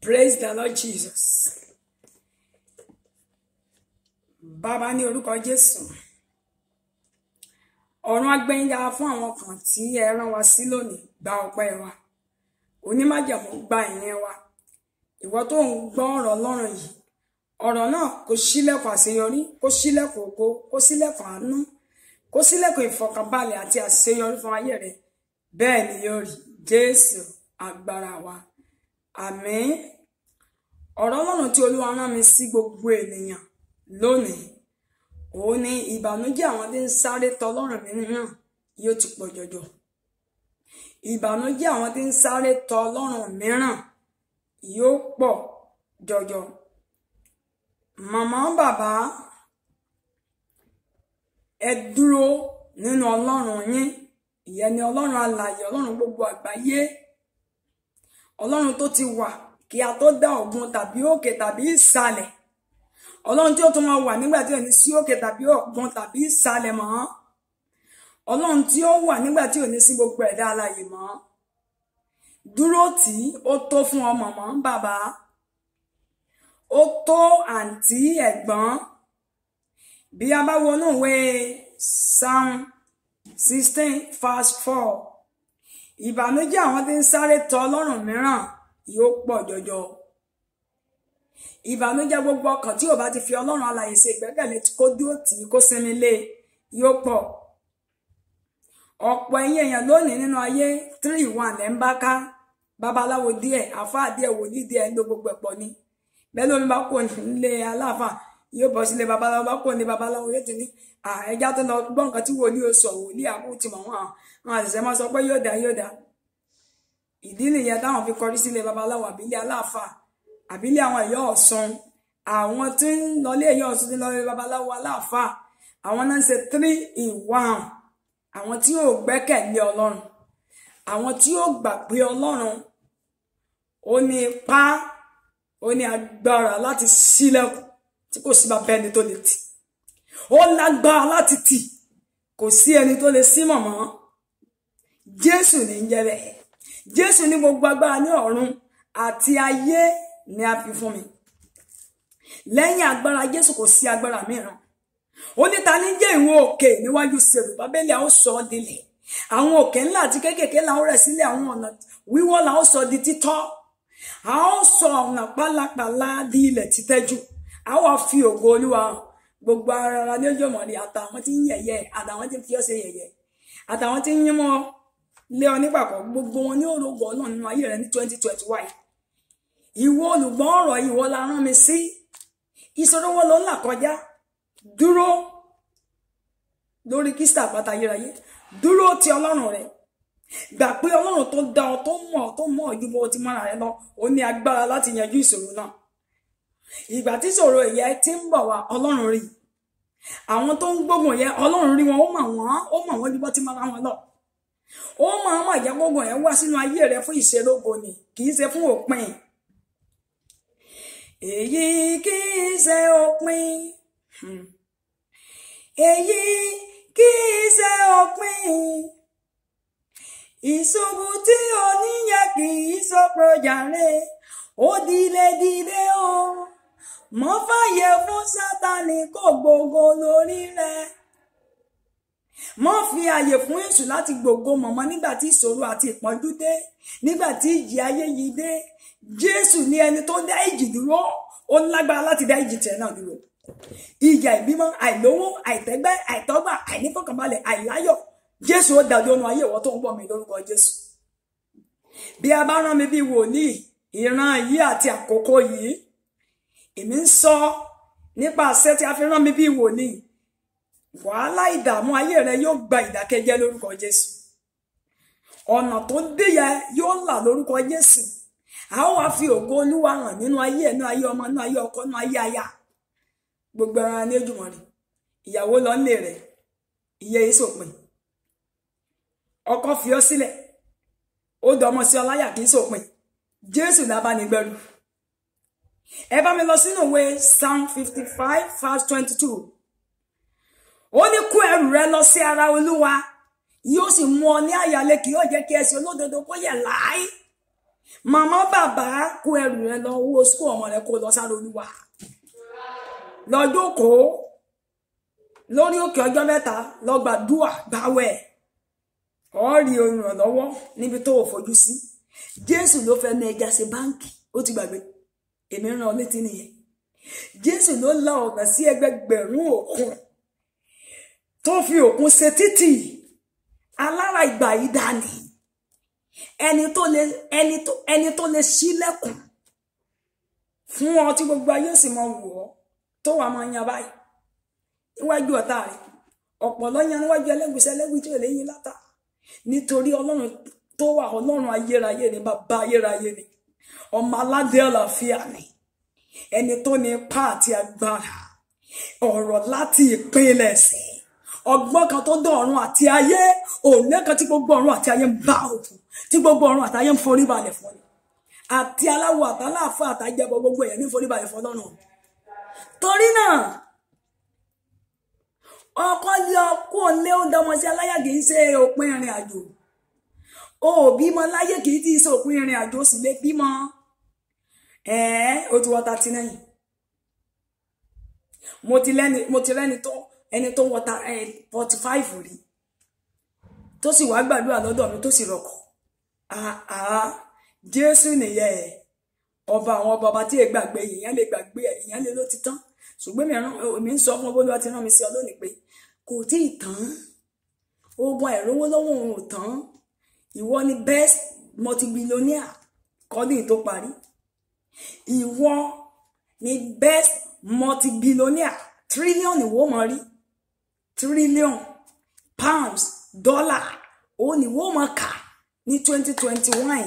Praise the Lord Jesus. Bàbá ní orúkọ Jésù. Ọ̀run agbẹ́yìndà fún àwọn kan tí ẹ rán wa sí lónìí gba ọpẹ́ wa. Onímájàmú gba ìyẹn wa. Ìwọ tó ń gbọ́ ọ̀rọ̀ Ọlọ́run yìí. Ọ̀rọ̀ náà kò ṣílẹ̀kùn àṣeyọrí, kó ṣílẹ̀kùn ògo, kó ṣílẹ̀kùn àánú, kó ṣílẹ̀kùn ìfọ̀kànbalẹ̀ àti àṣeyọrí fún ayé rẹ̀. Bẹ́ẹ̀ ni yóò rí Jésù agbára wa. àmín ọ̀rọ̀ ọlọ́run tí olúwa rán mi sí gbogbo ènìyàn lónìí òun ni ìbànújẹ́ àwọn tí ń sáré tọlọ́run mìíràn yóò ti pọ̀ jọjọ ìbànújẹ́ àwọn tí ń sáré tọlọ́run mìíràn yóò pọ̀ jọjọ màmá bàbá ẹ dúró nínú ọlọ́run gbogbo àgbáyé ọlọ́run tó ti wà kí a tó dá ọ̀gbun tàbí òkè tàbí ìsàlẹ̀ ọlọ́run tí ó tún máa wà nígbà tí ò ní sí òkè tàbí ọ̀gbun tàbí ìsàlẹ̀ mọ́ ọlọ́run tí ó wà nígbà tí ò ní sí gbogbo ẹ̀dá alààyè mọ́ dúró tí ó tó fún ọmọ mọ́ bàbá ó tó àǹtí ẹ̀gbọ́n bí a bá wọnú ìwé psalm sixteen verse four ìbànújẹ́ àwọn tí ń sáré tọ ọlọ́run mìíràn yóò pọ̀ jọjọ ìbànújẹ́ gbogbo ọkàn tí ò bá ti fi ọlọ́run alààyè ṣe ìgbẹ́kẹ̀lé kó dúró tì í kó sinmi lé e yóò pọ̀ ọ̀pọ̀ ẹ̀yin èèyàn lónìí nínú ayé three one ẹ̀ ń bá ká babaláwo díẹ̀ àfáà díẹ̀ wòlíì díẹ̀ ń lo gbogbo ẹ̀pọ̀ ni bẹ́ẹ̀ lómi bá kò nílé aláàfáà yóò bọ́ sílé babaláwo bá kó ní babaláwo yóò ti ní ẹja tó lọ gbọ́ nǹkan tí wòlíì o sọ wòlíì àbú ti mọ̀ wọn àwọn àṣẹṣẹ máa sọ pé yóò dá yóò dá ìdí nìyẹn táwọn fi kọrí sílé babaláwo àbílẹ̀ aláàfáà àbílẹ̀ àwọn ẹ̀yọ́ ọ̀sán àwọn tí ń lọlé ẹ̀yọ́ ọ̀sán ti lọlé babaláwo aláàfáà àwọn náà ń ṣe three in one àwọn tí yóò gbẹ́kẹ̀lé ọlọ́run àwọn tí yóò gbà pé ọlọ́run ó ní ipá ó ní agbára láti ṣílẹ̀kùn tí kò sí bàbá ẹni tó lè tì ó lágbára láti tì kò sí ẹni tó lè sí mọ̀mọ́ jésù ní jẹ́ bẹ́ẹ̀ jésù ní gbogbo agbára ní ọ̀run àti ayé ni a fi fún mi lẹ́yìn agbára jésù kò sí agbára mìíràn ó ní ta ní jẹ́ ìwọ òkè níwájú sèrù bábélì àwọn sọ ọ́ dilẹ̀ àwọn òkè ńlá àti kéékèèké la ó rẹ̀ sílẹ̀ àwọn ọ̀nà wíwọ́ la sọ di títọ́ a sọ ọ̀nà pálapàla di ilẹ̀ títẹ́jú a wà fi ògo olúwa gbogbo ara ara ní ojú ọmọdé àtàwọn tí ń yẹ̀yẹ́ àtàwọn tí ń fi ọ́ ṣe yẹ̀yẹ́ àtàwọn tí ń yín mọ́ lé ọ nípàkọ́ gbogbo wọn ní òrògbò ọlọ́run nínú ayé rẹ ní twenty twenty one ìwọ olùgbọ́n ọ̀rọ̀ ìwọ la rán mi sí ìṣòro wo ló ń là kọjá dúró lórí kírísítà àpáta ayérayé dúró ti ọlọ́run rẹ gbà pé ọlọ́run tó dá ọ tó mọ̀ ọ tó mọ̀ ọ ju bó ti mọ́ra rẹ lọ ó ní agbára láti yanjú ìṣòro náà ìgbà tí ṣòro ẹ̀yẹ ti ń bọ̀ wá ọlọ́run rí àwọn tó ń gbógun yẹn ọlọ́run rí wọn ó mọ̀ wọ́n ó mọ̀ wọ́n níbọ́ tí máa wọn lọ ó mọ̀ àwọn àjà gbógun yẹn wá sínú ayé rẹ fún ìṣerógo ni kì í ṣe fún òpin èyí kì í ṣe òpin hmm. èyí kì í ṣe òpin ìṣubú tí oníyẹ kì í sọ pé ó jàre ó dìledìle o. oh mọ́ fàyè fún sátani kó gbogbo lórí rẹ mọ́ fi àyè fún èṣù láti gbogbo mọ̀mọ́ nígbà tí ìṣòro àti ìpọ́njú dé nígbà tí ìjì ayé yìí dé jésù ní ẹni tó dá ìjì dúró ó lágbára láti dá ìjì tiẹ̀ náà dúró ìyà ìbímọ àìlówó àìtẹ́gbẹ́ àìtọ́gbà àìnífọ̀kànbalẹ̀ àìláyọ̀ jésù ó dàdó nu ayé ìwọ tó ń bọ̀ mí lórúkọ jésù bí a bá rán mi bí wòlíì ìran yìí àti àkókò yìí èmi ń sọ nípa àṣẹ tí a fi rán mi bí wòlíì wàhálà ìdààmú ayé rẹ yóò gba ìdákẹ́jẹ́ lórúkọ Jésù ọ̀nà tó déyẹ yóò là lórúkọ Jésù a ó wá fi ògo Olúwa hàn nínú ayé ẹ̀ náà ayé ọmọ náà ayé ọkọ náà ayé aya gbogbo ẹran ní ojúmọ́ rẹ̀ ìyàwó lọ nílé rẹ̀ ìyẹ́ ìsòpin ọkọ fi ọ́ sílẹ̀ ó dọmọ sí ọláyà kì í sòpin Jésù lábánigbẹ́rù ẹ bá mi lọ sínú ìwé psalm fifty five verse twenty two ó ní kó ẹrù rẹ lọ sí ara olúwa yóò sì mú ọ ní àyàlé kì yóò jẹ́ kí ẹsẹ̀ olódodo kó yẹ̀ láì màmá bàbá kó ẹrù rẹ lọ owó sukùl ọmọ rẹ kó lọ sára olúwa lọ jókòó lórí òkè ọjọ́ mẹ́ta lọ gbàdúà gbàwẹ̀ ọ rí olùrànlọ́wọ́ níbi tó o fojú sí jésù ló fẹ́ ní ẹja ṣe báńkì ó ti gbàgbé èmi rán ọ létí nìyẹn jésù ló la ọ̀nà sí ẹgbẹgbẹ̀rún òkun tó fi òkun ṣe títì alára ìgbà yìí dání ẹni tó lè ẹni tó ẹni tó lè ṣílẹ̀kùn fún ọ tí gbogbo ayé sì mọ wù ọ tó wà máa yan báyìí níwájú ọ̀tá rẹ̀ ọ̀pọ̀ lọ́yàn níwájú ẹlẹ́gùsẹ́ ẹlẹ́gùn tí ò lè látà nítorí ọlọ́run tó wà ọlọ́run ayérayé ni bàbá ayérayé ni ọmọ aládé àlàáfíà ni ẹni tó ní ipá àti agbára ọ̀rọ̀ láti ìpínlẹ̀ sí ọgbọ́n kan tó dán ọ̀run àti ayé òní kan tí gbogbo ọ̀run àti ayé ń bá òkun tí gbogbo ọ̀run àti ayé ń forí balẹ̀ fún ni àti aláwọ̀ àtàláàfà àtàjẹbọ gbogbo èèyàn ní forí balẹ̀ fún ọlọ́run torí náà ọkọ yọ kó lé ó dọmọ sí aláyàgé ń ṣe òpin ìrìn àjò o ò bímọ láyé kì í ti ṣe òpin ìrìn àjò sì lè bímọ ẹ̀ẹ́ o ti wọ thirty nine mo ti lẹ́ni mo ti rẹ́ni tó ẹni tó wọ forty five rí tó sì wá gbàdúrà lọ́dọ̀ mi tó sì rọ̀kọ̀ àá jésù nìyẹn ọba àwọn ọba ọba tí èè gbàgbé ìyẹn lè gbàgbé ìyẹn lè ló ti tán ṣùgbọ́n mi ń sọ fún Olúwa ti rán mi sí ọ lónìí pé kò tí ì tán ogun àìrówó òun ò tán ìwọ ni best multimillionaire kọ́dún tó parí ìwọ ni best multimillionaire trillion ìwọ mọ̀ rí trillion pounds dollar ó ní ìwọ mọ̀ kà ní twenty twenty one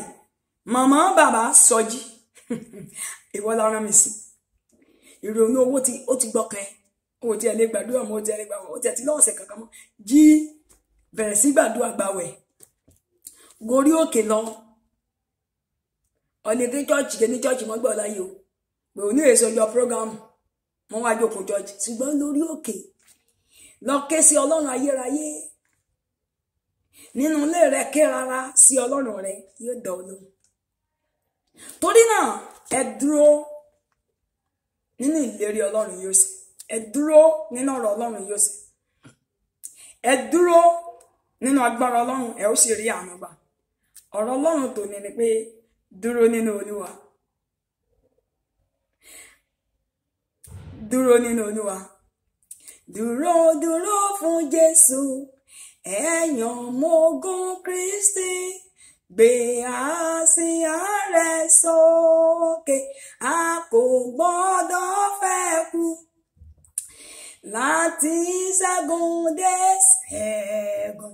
màmá bàbá sọjí ìwọ lára mi sí ìrònú owó tí ó ti gbọkẹ ó ti ẹ lè gbàdúrà mọ́ ó ti ẹ lè gbàwẹ̀ ó ti ẹ ti lọ́ọ̀sẹ̀ kankan mọ́ jí bẹ̀rẹ̀ sí gbàdúrà gbàwẹ̀ gorí òkè lọ ọ̀nì chọọchị chọ́ọ̀chì kì ní chọ́ọ̀chì mọ́ gbọ́ láyé o pé ò ní èso yọ program wọ́n wá jókòó chọ́ọ̀chì ṣùgbọ́n lórí òkè lọ ké sí ọlọ́run ayérayé nínú ilé rẹ ké rárá sí ọlọ́run rẹ yóò dá ọ lóhùn torí náà ẹ dúró nínú ìlérí ọlọ́run yóò sì ẹ dúró nínú ọrọ ọlọ́run yóò sì ẹ dúró nínú agbára ọlọ́run ẹ ó sì rí àánú gbà ọ̀rọ̀ ọlọ́run tòní ni pé dúró nínú olúwa dúró nínú olúwa dúró dúró fún jésù ẹ̀yàn mógún kristi gbé àsíá rẹ̀ sókè a kò gbọ́dọ̀ fẹ́ kú láti ṣẹ́gun dé ṣẹ́gun.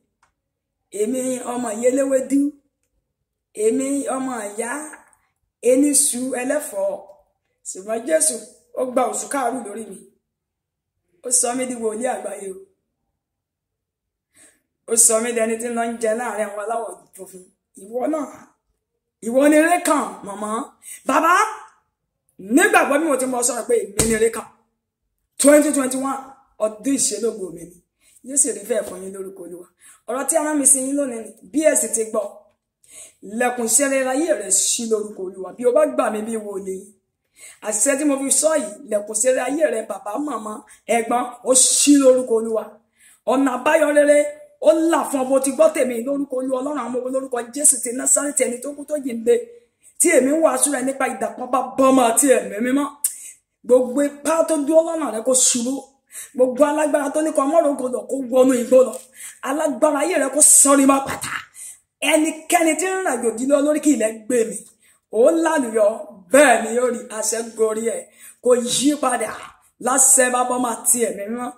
èmi ọmọ ìyẹléwédú èmi ọmọ ìyá eníṣu ẹlẹ́fọ̀ọ́ ṣùgbọ́n Jésù ó gba oṣù káàrú lórí mi ó sọ mí di wòlíì àgbáyé o ó sọ mí dẹni tí ń lọ ń jẹ láàrin àwọn aláwọ̀ funfun ìwọ náà ìwọ ni rékàn màmá bàbá nígbàgbọ́ bí mo ti mọ sọ̀rọ̀ pé èmi ni rékàn twenty twenty one ọdún ìṣelógo mi ni yóò sì rí bẹ́ẹ̀ fún yín lórúkọ olúwa ọ̀rọ̀ tí ará mi sí yín lónìí bí ẹ sì ti gbọ́ lẹ̀kùn ìṣẹ̀lẹ̀ ayé rẹ̀ ṣí lórúkọ olúwa bí o bá gbà mí bí wo lè àṣẹ tí mo fi sọ yìí lẹ̀kùn ìṣẹ̀lẹ̀ ayé rẹ̀ bàbá màmá ẹ̀gbọ́n ó ṣí lórúkọ olúwa ọ̀nà àbáyọ rere ó là fún ọmọ tí gbọ́ tèmi lórúkọ olúwa ọlọ́run àwọn ọmọ lórúkọ jésù ti násárẹ́tì ẹni tó kú tó yìnbẹ tí èmi ń wàásù rẹ nípa ìdàpọ̀ bá bọ́mọ àti ẹ̀mí mímọ́ gbogbo ipá tó dúró lọ́nà rẹ kó ṣubú gbogbo alágbára tó ní kan mọ́rọ̀ ògo lọ kó wọnú igbó lọ alágbára ayé rẹ kó sọrí má pàtà ẹnikẹ́ni tí ń rìn àjò dídọ́ lórí kí ilẹ̀ gbé mi ó lálùyọ bẹ́ẹ̀ ni ó rí àṣẹ gorí ẹ̀ kò yí padà láṣẹ bábọ́ máa ti ẹ̀mí mọ́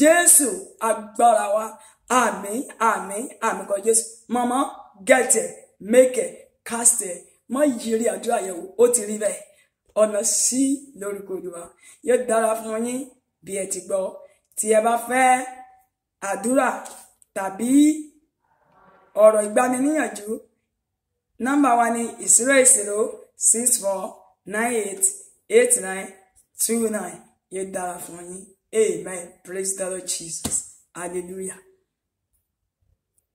jésù agbára wa àmín àmín àmín kan jésù mọ́mọ́ gẹ̀tẹ̀ mẹ́kẹ̀ kásítẹ̀ mọ́ yiri àdúrà yẹ̀wò ó ti rí bẹ́ẹ̀ ọ̀nà sí lórúkọ olúwa yóò dára fún yín bí ẹ ti gbọ́ tí ẹ bá fẹ́ àdúrà tàbí ọ̀rọ̀ ìgbaniníyànjú nọ́mbà wa ni ìṣirò ìṣirò six four nine eight eight nine two nine yóò dára fún yín amen praise the lord jesus hallelujah.